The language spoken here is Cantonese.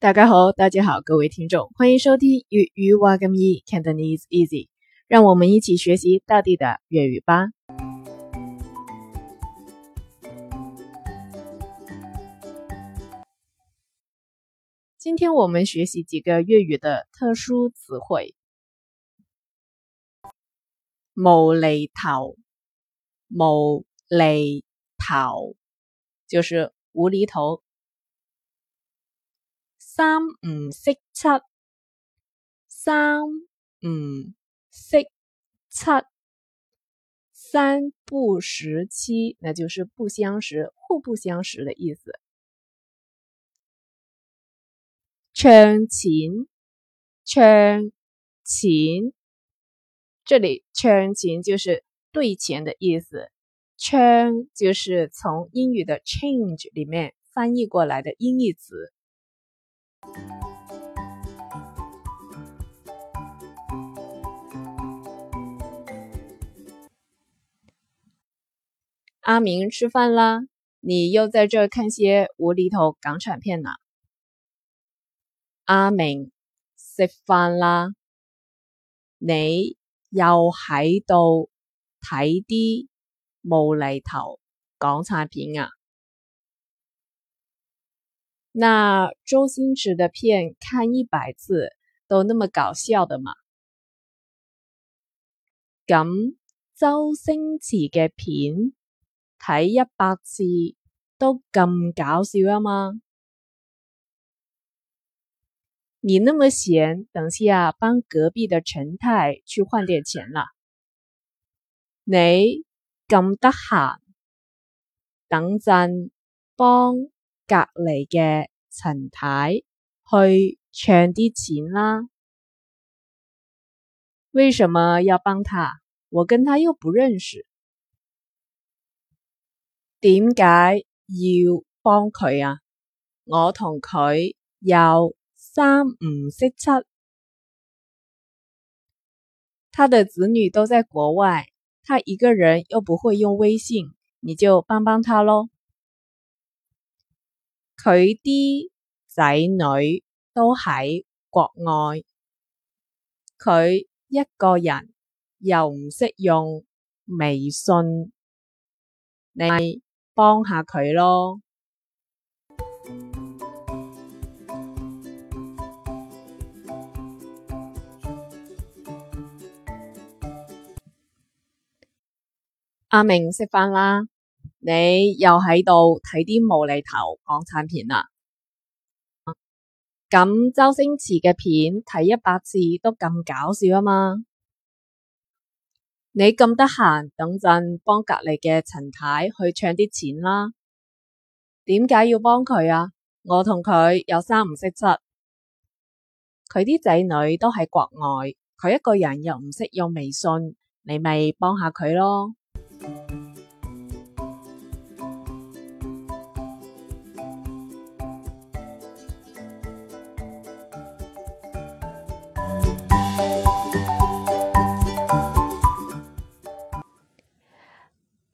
大家好，大家好，各位聽眾，歡迎收聽粵語瓦格梅，Cantonese Easy，讓我們一起學習地道的粵語吧。今天我們學習幾個粵語的特殊詞彙，無厘頭，無厘頭，就是無厘頭。三唔識七，三唔識七，三不識七，那就是不相識，互不相識的意思。c 錢 a 錢，這裏 c 錢就是對錢的意思 c 就是從英語的 change 裏面翻譯過來的音譯詞。阿明，吃飯啦！你又在這看些無厘頭港產片啊？阿明，食飯啦！你又喺度睇啲無厘頭港產片啊？那周星馳的片看一百次都那麼搞笑的嘛。咁周星馳嘅片睇一百次都咁搞笑啊嘛。你那麼閒，等下、啊、幫隔壁的陳太去換點錢啦。你咁得閒，等陣幫。隔籬嘅陳太去暢啲錢啦。為什麼要幫他？我跟他又不認識，點解要幫佢啊？我同佢又三唔識七，他的子女都在國外，他一個人又不會用微信，你就幫幫他咯。佢啲仔女都喺國外，佢一個人又唔識用微信，你咪幫下佢咯。 阿明，食飯啦。你又喺度睇啲無厘頭港產片啊？咁、啊、周星馳嘅片睇一百次都咁搞笑啊嘛！你咁得閒，等陣幫隔籬嘅陳太去暢啲錢啦。點解要幫佢啊？我同佢又三唔識七，佢啲仔女都喺國外，佢一個人又唔識用微信，你咪幫下佢咯。